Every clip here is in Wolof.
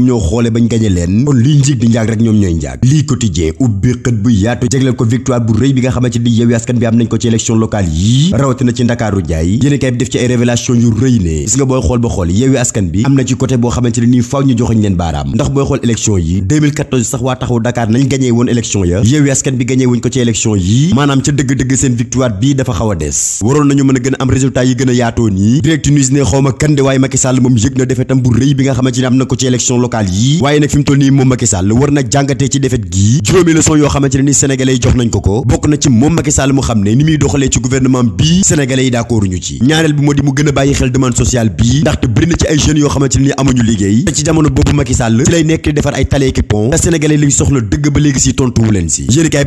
ñoom ndax booy xool élection yi sax waa taxawu Dakar nañ gañee woon élection ya yow askan bi gañee wuñ ko ci élection yii maanaam ca dëgg-dëgg seen victoire bii dafa xaw des waroon nañu mën a gën am résultat yi gën a yaatoo nii direct news ne xawma kan waaye Macky Sall moom yëg na defetam bu rëy bi nga xamante ni am na ko ci élection locale waaye nag fi mu nii moom Macky war na jàngatee ci defet gii juróomi leçon yoo xamante ne ni sénégalais jox nañ ko ko bokk na ci moom Macky mu xam ne ni muy doxalee ci gouvernement bii sénégalais yi d'accord ci ñaareel bi moo di mu gën bàyyi xel demande sociale bii ndaxte bëri ci ay jeunes yoo xamante ne ni amuñu liggéey te ci jamono boobu Macky ci lay nekk defar ay taleeki pont te sénégalais soxla dëgg ba léegi si tontuwu leen si yéenekaay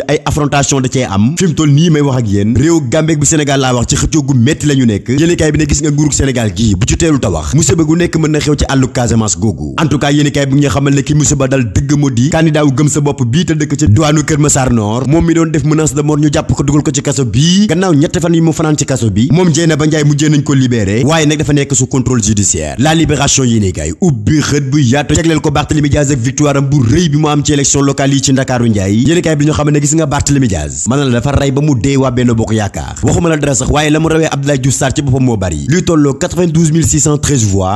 gi ay affrontation da cee am fi mu nii may wax ak yéen réew Gambie bu Sénégal laa wax ci xëccoo gu métti nekk yéenekaay bi ne gis nga nguurug Sénégal gii bu ci teelu wax musiba gu nekk mën na xew ci àllu Casamance googu en tout bi ne ki musiba dal dëgg moo di candidat wu gëm sa bopp bii te dëkk ca duwaanu Kër Massar Nord moom mi doon def jàpp ko dugal ko ci kaso bii gannaaw ñetti fan yi mu fanaan ci kaso bi moom Dieynaba Ndiaye mujjee nañ yi ci Ndakaaru gis nga Barthélemy Diaz mën la dafa rey ba mu dee waa Benno Bokk Yaakaar waxuma la dara sax waaye la mu rawee Abdoulaye Diouf ci boppam moo bari luy tolloo 92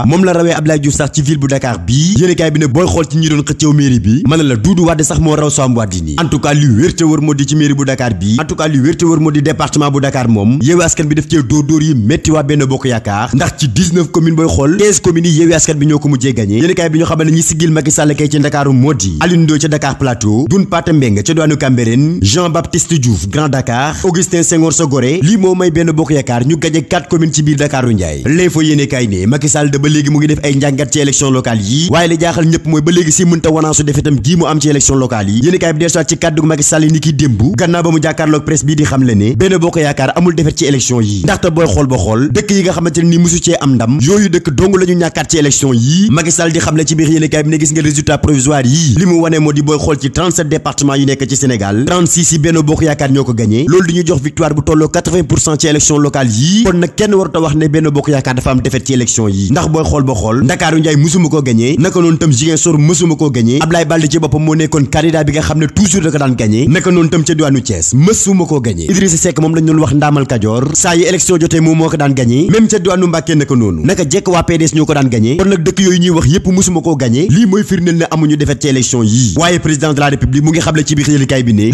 moom la rawee Abdoulaye Diouf ci ville bu Dakar bii yéenekaay bi ne booy xool ci ñi doon xëccëw mairie bi mën la Doudou Wade sax moo raw Soham Wardini en tout lu wér wër moo ci mairie bu Dakar bii en lu wér wër moo di bu Dakar moom Yewwi Askan bi def cee dóor dóor yi métti Jean Baptiste Diouf Grand Dakar Augustin Senghor sa Gorée lii moo may benn bokk yaakaar ñu gaje quatre communes ci biir Dakar u Ndiaye l'info yéene kaay ne Macky mu ngi def ay njàngat ci élection locale yi waaye la jaaxal ñëpp mooy ba léegi si mënta wanaasu defetam gii am ci élection locale yi yéene kaay bi di xam ne ci biir yéene kaay bi ne gis nga résultat provisoire yi li mu wane moo di booy xool ci 37 départements yu nekk ci Sénégal locale 36 yi Benno Bokk Yaakaar ñoo ko gagné loolu di ñu jox victoire bu tolloo 80 pour cent ci élection locale yii kon nag kenn warut a wax ne Benno Bokk Yaakaar dafa am défaite ci élection yi ndax booy xool ba xool Ndakaaru Njaay mësuma koo gagné naka noonu tam Ziguinchor mësuma koo gagné Ablaye Baldé ci boppam moo nekkoon candidat bi nga xam ne toujours da ko daan gagné naka noonu tam ca diwaanu Thiès mësuma koo gagné Idrissa Seck moom lañ doon wax Ndaamal Kajoor saa yi élection ko daan gagné même ca diwaanu Mbàkke naka noonu naka jekk bi ne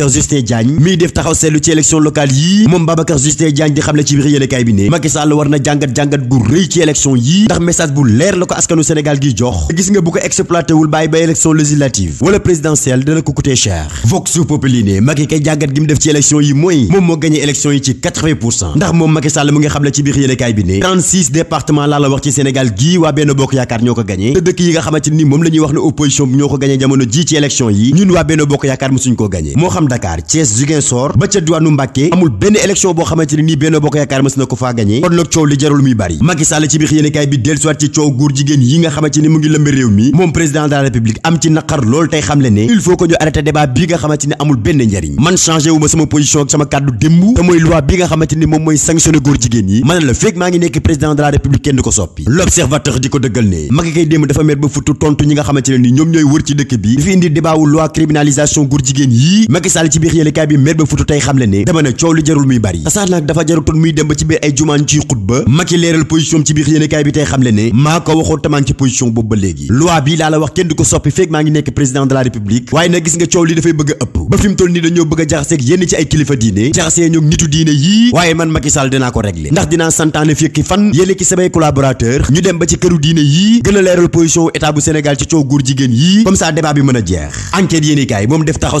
Babacar Justin Diagne mii def taxaw seetlu ci élection locale yii moom Babacar Justin Diagne di xam ne ci biir yéenekaay bi ne Macky Sall war na jàngat-jàngat gu rëy ci gis nga bu ko exploité wul bàyyi ba élection législative wala présidentielle dana ko coûter cher Vox Populi ne Macky kay jàngat gi mu def ci élection yi mooy moom moo gagné élection yi ci 80 ndax moom Macky Sall mu ngi xam ci biir yéenekaay bi ne 36 département laa la wax ci Sénégal gii waa Benno Bokk Yaakaar ñoo ko gagné te dëkk yi nga xamante ni moom la ñuy wax ne opposition bi ñoo ko gagné jamono ji ci élection yi ñun waa Benno Bokk Yaakaar musuñ ko gagné moo xam Dakar Thiès Ziguinchor ba ca diwaanu Mbàkke amul benn élection boo xamante ne nii Benno Bokk Yaakaar mës na ko faa gañe kon nag coow li jarul muy bari Macky Sall ci biir yéenekaay bi dellu siwaat ci coow góor jigéen yi nga xamante mu ngi lëmbe réew mi moom président de la République am ci naqar loolu tey xamle ne il faut que ñu arrêté débat bi nga xamante amul benn njariñ man changé sama position sama kàddu démb te mooy loi bi nga xamante moom mooy sanctionné góor Sall bi laa la wax kenn du ko soppi feeg maa ngi nekk président de la république waaye nag gis nga coow li dafay bëgg ëpp ba fi toll nii dañoo bëgg a yenn ci ay kilifa diine jaxasee ñoom nitu diine yii waaye man Macky Sall dinaa ko régler ndax dinaa santaane fekki fan yéene ki samay collaborateur ñu dem ba ci këru diine yii gën leeral position état bu Sénégal ci coow góor jigéen yii comme ça débat bi mën a jeex enquête yéenekaay moom def taxaw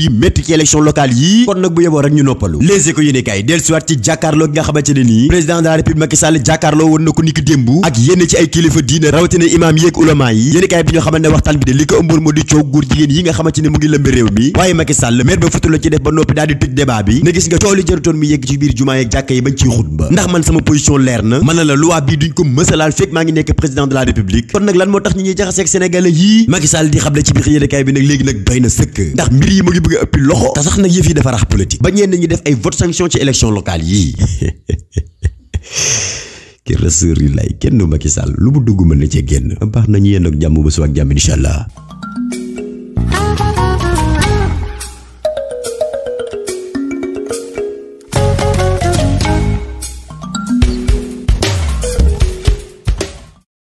yu métti ba futu ci def ba noppi daal di tëj débat bi ne gis nga coow li jërutoon mi yegg ci biir jumaa yeeg jàkka yi bañ ciy xutba ndax man sama position leer na mën na la loi bii duñ ko mësalaal fekk maa ngi nekk président de la république kon nag lan moo tax ñi ñuy jaxaseeg sénégalais yii Macky di xamle ci biir yéene kaay bi nag léegi nag doy na sëkk ndax mbir yi mu ngi bëgg ëpp loxo te sax nag yëf yi dafa rax politique ba ñenn ñi def ay vote sanction ci élection locale yii ki rassur yi lay kenn ma ki Sall lu mu dugg mën na cee génn baax nañu yéen ak jàmm ba su ak jàmm incha allah